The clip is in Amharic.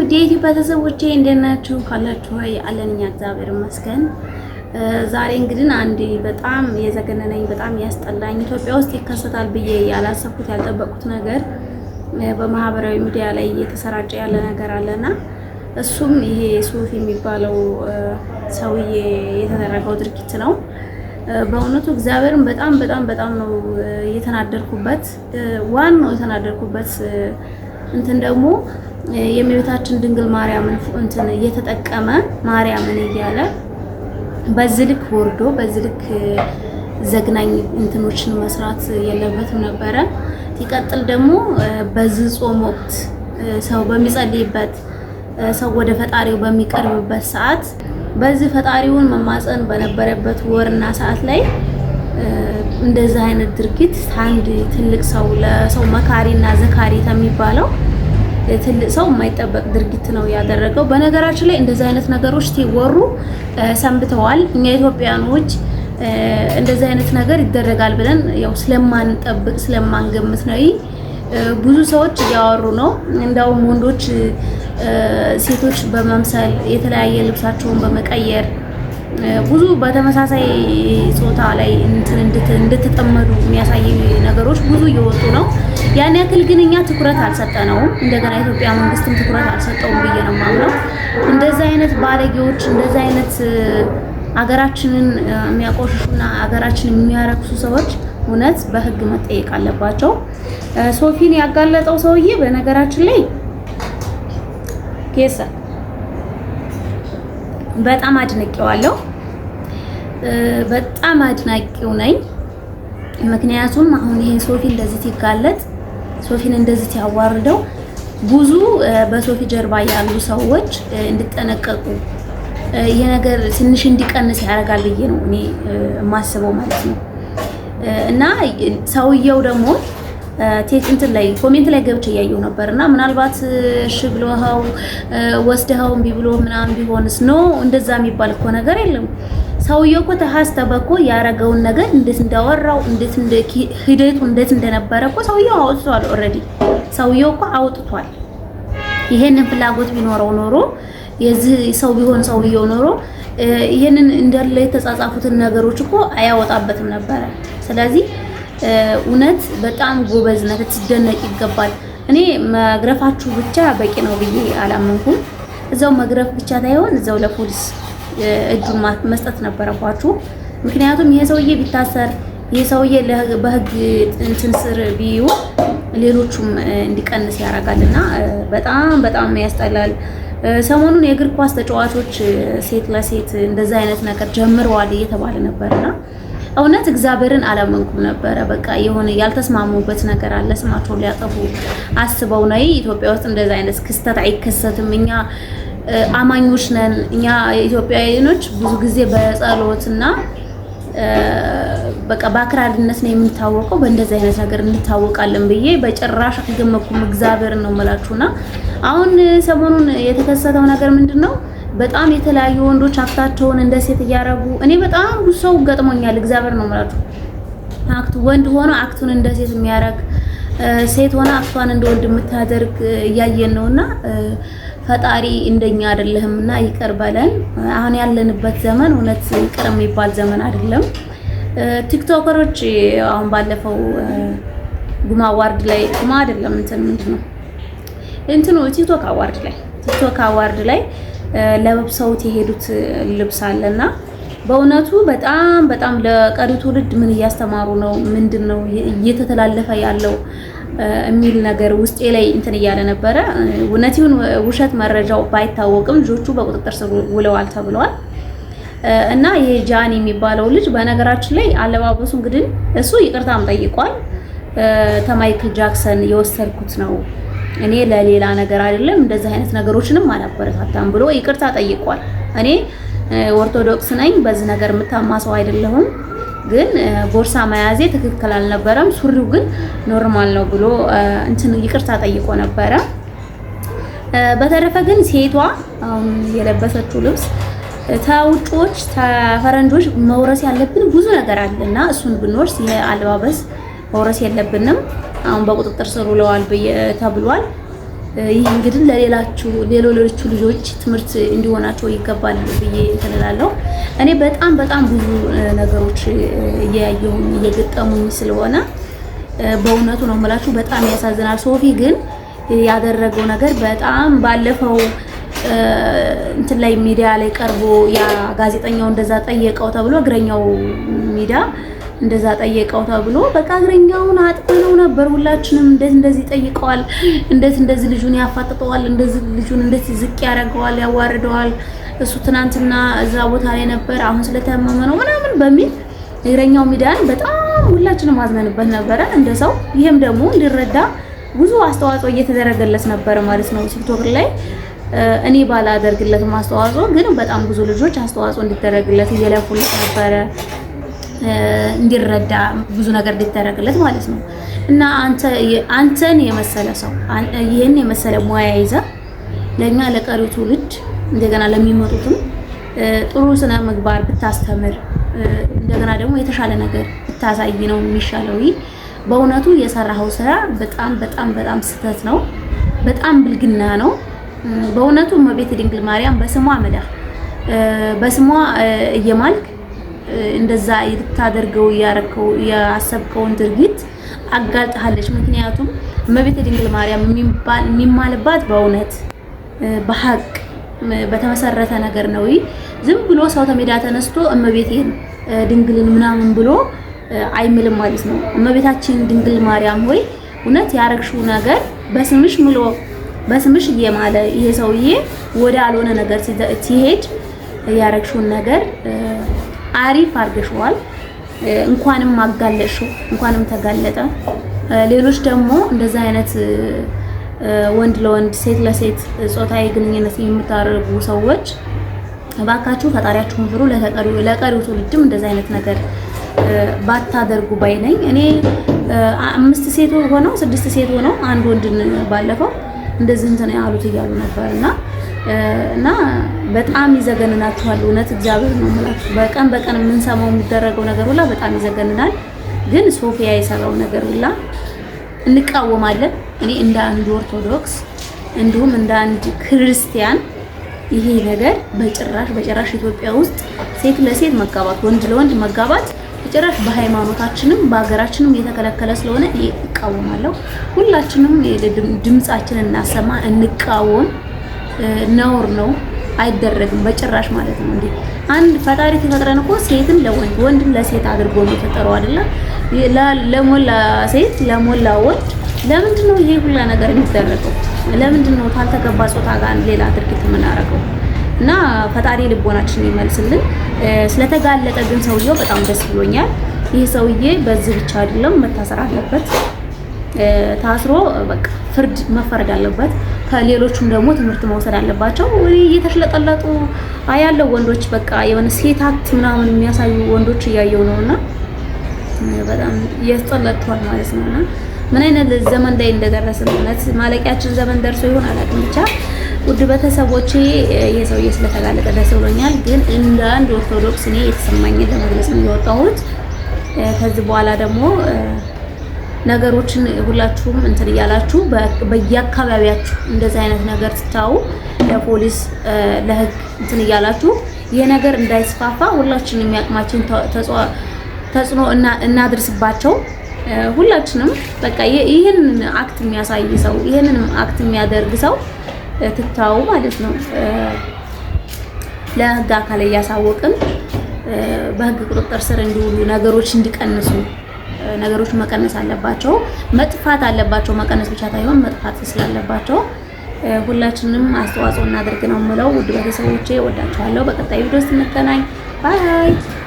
ውድ የኢትዮጵያ ቤተሰቦቼ እንደናችሁ ካላችሁ ወይ አለን እኛ እግዚአብሔር ይመስገን። ዛሬ እንግዲህ አንድ በጣም የዘገነነኝ በጣም ያስጠላኝ ኢትዮጵያ ውስጥ ይከሰታል ብዬ ያላሰብኩት ያልጠበቁት ነገር በማህበራዊ ሚዲያ ላይ እየተሰራጨ ያለ ነገር አለና እሱም ይሄ ሱፍ የሚባለው ሰውዬ የተደረገው ድርጊት ነው። በእውነቱ እግዚአብሔርን በጣም በጣም በጣም ነው የተናደርኩበት። ዋናው የተናደርኩበት እንትን ደግሞ የእመቤታችን ድንግል ማርያምን እንትን እየተጠቀመ ማርያምን እያለ በዚህ ልክ ወርዶ በዚህ ልክ ዘግናኝ እንትኖችን መስራት የለበትም ነበረ። ሲቀጥል ደግሞ በዚህ ጾም ወቅት ሰው በሚጸልይበት ሰው ወደ ፈጣሪው በሚቀርብበት ሰዓት በዚህ ፈጣሪውን መማፀን በነበረበት ወርና ሰዓት ላይ እንደዚህ አይነት ድርጊት አንድ ትልቅ ሰው ለሰው መካሪና ዘካሪ ከሚባለው ትልቅ ሰው የማይጠበቅ ድርጊት ነው ያደረገው። በነገራችን ላይ እንደዚህ አይነት ነገሮች ሲወሩ ሰንብተዋል። እኛ ኢትዮጵያኖች እንደዚህ አይነት ነገር ይደረጋል ብለን ያው ስለማንጠብቅ ስለማንገምት ነው። ብዙ ሰዎች እያወሩ ነው። እንዳውም ወንዶች ሴቶች በመምሰል የተለያየ ልብሳቸውን በመቀየር ብዙ በተመሳሳይ ጾታ ላይ እንትን እንድትጠመዱ የሚያሳይ ነገሮች ብዙ እየወጡ ነው። ያን ያክል ግን እኛ ትኩረት አልሰጠነውም። እንደገና ኢትዮጵያ መንግስትም ትኩረት አልሰጠውም ብዬ ነው የማምነው። እንደዚህ አይነት ባለጌዎች፣ እንደዚህ አይነት አገራችንን የሚያቆሽሹና አገራችንን የሚያረክሱ ሰዎች እውነት በህግ መጠየቅ አለባቸው። ሶፊን ያጋለጠው ሰውዬ በነገራችን ላይ ኬሰ በጣም አድንቄዋለሁ። በጣም አድናቂው ነኝ። ምክንያቱም አሁን ይሄ ሶፊ እንደዚህ ሲጋለጥ ሶፊን እንደዚህ ያዋርደው ብዙ በሶፊ ጀርባ ያሉ ሰዎች እንዲጠነቀቁ ይሄ ነገር ትንሽ እንዲቀንስ ያደርጋል ብዬ ነው እኔ የማስበው ማለት ነው እና ሰውየው ደግሞ እንትን ላይ ኮሜንት ላይ ገብቼ እያየሁ ነበር እና ምናልባት እሺ ብሎኸው ወስደኸው እምቢ ብሎ ምናምን ቢሆንስ? ኖ እንደዛ የሚባል እኮ ነገር የለም። ሰውየው እኮ ተሐስተበ እኮ ያረገውን ነገር እንዴት እንዳወራው እንዴት እንደ ሂደቱ እንዴት እንደነበረ እኮ ሰውየው አውጥቷል። ኦልሬዲ ሰውየው እኮ አውጥቷል። ይሄንን ፍላጎት ቢኖረው ኖሮ የዚህ ሰው ቢሆን ሰውየው ኖሮ ይሄንን እንዳለ የተጻጻፉትን ነገሮች እኮ አያወጣበትም ነበረ። ስለዚህ እውነት በጣም ጎበዝ ነህ፣ ልትደነቅ ይገባል። እኔ መግረፋችሁ ብቻ በቂ ነው ብዬ አላመንኩም። እዛው መግረፍ ብቻ ሳይሆን እዛው ለፖሊስ እጁን መስጠት ነበረባችሁ። ምክንያቱም ይሄ ሰውዬ ቢታሰር ይህ ሰውዬ በህግ እንትን ስር ቢውል ሌሎቹም እንዲቀንስ ያደርጋል እና በጣም በጣም ያስጠላል። ሰሞኑን የእግር ኳስ ተጫዋቾች ሴት ለሴት እንደዛ አይነት ነገር ጀምረዋል እየተባለ ነበርና እውነት እግዚአብሔርን አላመንኩም ነበረ። በቃ የሆነ ያልተስማሙበት ነገር አለ። ስማቸውን ሊያጠፉ አስበው ነው። ኢትዮጵያ ውስጥ እንደዚህ አይነት ክስተት አይከሰትም። እኛ አማኞች ነን። እኛ ኢትዮጵያውያኖች ብዙ ጊዜ በጸሎትና በቃ በአክራሪነት ነው የምንታወቀው። በእንደዚህ አይነት ነገር እንታወቃለን ብዬ በጭራሽ አልገመኩም። እግዚአብሔርን ነው የምላችሁና አሁን ሰሞኑን የተከሰተው ነገር ምንድን ነው? በጣም የተለያዩ ወንዶች አክታቸውን እንደ ሴት እያረጉ እኔ በጣም ብዙ ሰው ገጥሞኛል። እግዚአብሔር ነው ማለት አክቱ ወንድ ሆኖ አክቱን እንደ ሴት የሚያረግ ሴት ሆና አክቷን እንደ ወንድ የምታደርግ እያየን ነውና ፈጣሪ እንደኛ አይደለህም እና ይቅር በለን። አሁን ያለንበት ዘመን እውነት ይቅር የሚባል ዘመን አይደለም። ቲክቶከሮች አሁን ባለፈው ጉማ አዋርድ ላይ ጉማ አይደለም እንትን ምንድን ነው እንትኑ ቲክቶክ አዋርድ ላይ ቲክቶክ አዋርድ ላይ ለብሰውት የሄዱት ልብስ አለና በእውነቱ በጣም በጣም ለቀሪ ትውልድ ምን እያስተማሩ ነው፣ ምንድን ነው እየተተላለፈ ያለው የሚል ነገር ውስጤ ላይ እንትን እያለ ነበረ። እውነት ይሁን ውሸት መረጃው ባይታወቅም ልጆቹ በቁጥጥር ስር ውለዋል ተብለዋል። እና ይሄ ጃን የሚባለው ልጅ በነገራችን ላይ አለባበሱ እንግዲህ እሱ ይቅርታም ጠይቋል። ከማይክል ጃክሰን የወሰድኩት ነው እኔ ለሌላ ነገር አይደለም እንደዚህ አይነት ነገሮችንም አላበረታታም ብሎ ይቅርታ ጠይቋል። እኔ ኦርቶዶክስ ነኝ፣ በዚህ ነገር የምታማ ሰው አይደለሁም፣ ግን ቦርሳ መያዜ ትክክል አልነበረም፣ ሱሪው ግን ኖርማል ነው ብሎ እንትን ይቅርታ ጠይቆ ነበረ። በተረፈ ግን ሴቷ አሁን የለበሰችው ልብስ ተውጮች ተፈረንጆች መውረስ ያለብን ብዙ ነገር አለና እሱን ብንወርስ ይሄ መውረስ የለብንም። አሁን በቁጥጥር ስር ውለዋል ተብሏል። ይህ እንግዲህ ለሌላችሁ ሌሎቹ ልጆች ትምህርት እንዲሆናቸው ይገባል ብዬ እንትን እላለሁ። እኔ በጣም በጣም ብዙ ነገሮች እያየሁኝ እየገጠሙኝ ስለሆነ በእውነቱ ነው የምላችሁ፣ በጣም ያሳዝናል። ሶፊ ግን ያደረገው ነገር በጣም ባለፈው እንትን ላይ ሚዲያ ላይ ቀርቦ ያ ጋዜጠኛው እንደዛ ጠየቀው ተብሎ እግረኛው ሚዲያ እንደዛ ጠየቀው ተብሎ በቃ እግረኛውን አጥቅነው ነበር። ሁላችንም እንደዚህ እንደዚህ ጠይቀዋል። እንደዚህ እንደዚህ ልጁን ያፋጥጠዋል፣ እንደዚህ ልጁን እንደዚህ ዝቅ ያደርገዋል፣ ያዋርደዋል። እሱ ትናንትና እዛ ቦታ ላይ ነበር፣ አሁን ስለታመመ ነው ምናምን በሚል እግረኛው ሚዲያን በጣም ሁላችንም አዝነንበት ነበረ እንደ ሰው። ይህም ደግሞ እንዲረዳ ብዙ አስተዋጽኦ እየተደረገለት ነበረ ማለት ነው ቲክቶክ ላይ እኔ ባላደርግለትም አስተዋጽኦ ግን በጣም ብዙ ልጆች አስተዋጽኦ እንዲደረግለት እየለፉለት ነበረ። እንዲረዳ ብዙ ነገር እንዲደረግለት ማለት ነው። እና አንተን የመሰለ ሰው ይህን የመሰለ ሙያ ይዛ ለእኛ ለቀሪው ትውልድ እንደገና ለሚመጡትም ጥሩ ስነ ምግባር ብታስተምር እንደገና ደግሞ የተሻለ ነገር ብታሳይ ነው የሚሻለው። በእውነቱ የሰራኸው ስራ በጣም በጣም በጣም ስህተት ነው። በጣም ብልግና ነው በእውነቱ እመቤት ድንግል ማርያም በስሟ መዳ በስሟ እየማልክ እንደዛ ልታደርገው እያረከው ያሰብከውን ድርጊት አጋልጣለች። ምክንያቱም እመቤት ድንግል ማርያም የሚማልባት በእውነት በሀቅ በተመሰረተ ነገር ነው። ዝም ብሎ ሰው ተሜዳ ተነስቶ እመቤቴን ድንግልን ምናምን ብሎ አይምልም ማለት ነው። እመቤታችን ድንግል ማርያም ሆይ እውነት ያረግሽው ነገር በስምሽ ምሎ በስምሽ እየማለ ይሄ ሰውዬ ወደ አልሆነ ነገር ሲሄድ ያረግሽውን ነገር አሪፍ አድርገሽዋል። እንኳንም አጋለጥሽው፣ እንኳንም ተጋለጠ። ሌሎች ደግሞ እንደዛ አይነት ወንድ ለወንድ ሴት ለሴት ጾታዊ ግንኙነት የምታደርጉ ሰዎች እባካችሁ ፈጣሪያችሁን ፍሩ። ለተቀሪው ለቀሪው ትውልድም እንደዛ አይነት ነገር ባታደርጉ ባይ ነኝ እኔ። አምስት ሴት ሆነው ስድስት ሴት ሆነው አንድ ወንድን ባለፈው እንደዚህ እንትን ያሉት እያሉ ነበር እና እና በጣም ይዘገንናችኋል። እውነት እግዚአብሔር ነው የምላችሁ። በቀን በቀን የምንሰማው የሚደረገው ነገር ሁላ በጣም ይዘገንናል። ግን ሶፊያ የሰራው ነገር ሁላ እንቃወማለን። እኔ እንደ አንድ ኦርቶዶክስ እንዲሁም እንደ አንድ ክርስቲያን ይሄ ነገር በጭራሽ በጭራሽ ኢትዮጵያ ውስጥ ሴት ለሴት መጋባት፣ ወንድ ለወንድ መጋባት በጭራሽ በሃይማኖታችንም በሀገራችንም የተከለከለ ስለሆነ እቃወማለሁ። ሁላችንም ድምጻችንን እናሰማ፣ እንቃወም። ነውር ነው፣ አይደረግም በጭራሽ ማለት ነው። እንዴ አንድ ፈጣሪ ተፈጥረን እኮ ሴትን ለወንድ ወንድን ለሴት አድርጎ ነው የፈጠረው አይደለ? ለሞላ ሴት ለሞላ ወንድ ለምንድን ነው ይሄ ሁላ ነገር የሚደረገው? ለምንድን ነው ካልተገባ ጾታ ጋር ሌላ ድርጊት የምናደርገው? እና ፈጣሪ ልቦናችን ይመልስልን። ስለተጋለጠ ግን ሰውየው በጣም ደስ ብሎኛል። ይህ ሰውዬ በዚህ ብቻ አይደለም መታሰር አለበት። ታስሮ በቃ ፍርድ መፈረድ አለበት። ከሌሎቹም ደግሞ ትምህርት መውሰድ አለባቸው። እየተሽለጠለጡ ያለው ወንዶች በቃ የሆነ ሴታት ምናምን የሚያሳዩ ወንዶች እያየው ነው እና በጣም እያስጠለጥቷል ማለት ነው እና ምን አይነት ዘመን ላይ እንደደረስን እውነት ማለቂያችን ዘመን ደርሶ ይሆን አላውቅም። ብቻ ውድ ቤተሰቦቼ የሰውዬ ስለተጋለጠ ደስ ብሎኛል። ግን እንደ አንድ ኦርቶዶክስ እኔ የተሰማኝን ለመግለጽ ነው የወጣሁት። ከዚህ በኋላ ደግሞ ነገሮችን ሁላችሁም እንትን እያላችሁ በየአካባቢያችሁ እንደዚህ አይነት ነገር ስታዩ ለፖሊስ ለህግ እንትን እያላችሁ ይህ ነገር እንዳይስፋፋ ሁላችንም የሚያቅማችን ተጽዕኖ እናድርስባቸው። ሁላችንም በቃ ይህንን አክት የሚያሳይ ሰው ይህንን አክት የሚያደርግ ሰው ትታው ማለት ነው ለህግ አካል እያሳወቅን በህግ ቁጥጥር ስር እንዲውሉ ነገሮች እንዲቀንሱ ነገሮች መቀነስ አለባቸው፣ መጥፋት አለባቸው። መቀነስ ብቻ ሳይሆን መጥፋት ስላለባቸው ሁላችንም አስተዋጽኦ እናድርግ ነው የምለው። ውድ ቤተሰቦቼ ወዳችኋለሁ። በቀጣይ ቪዲዮ ስንገናኝ ባይ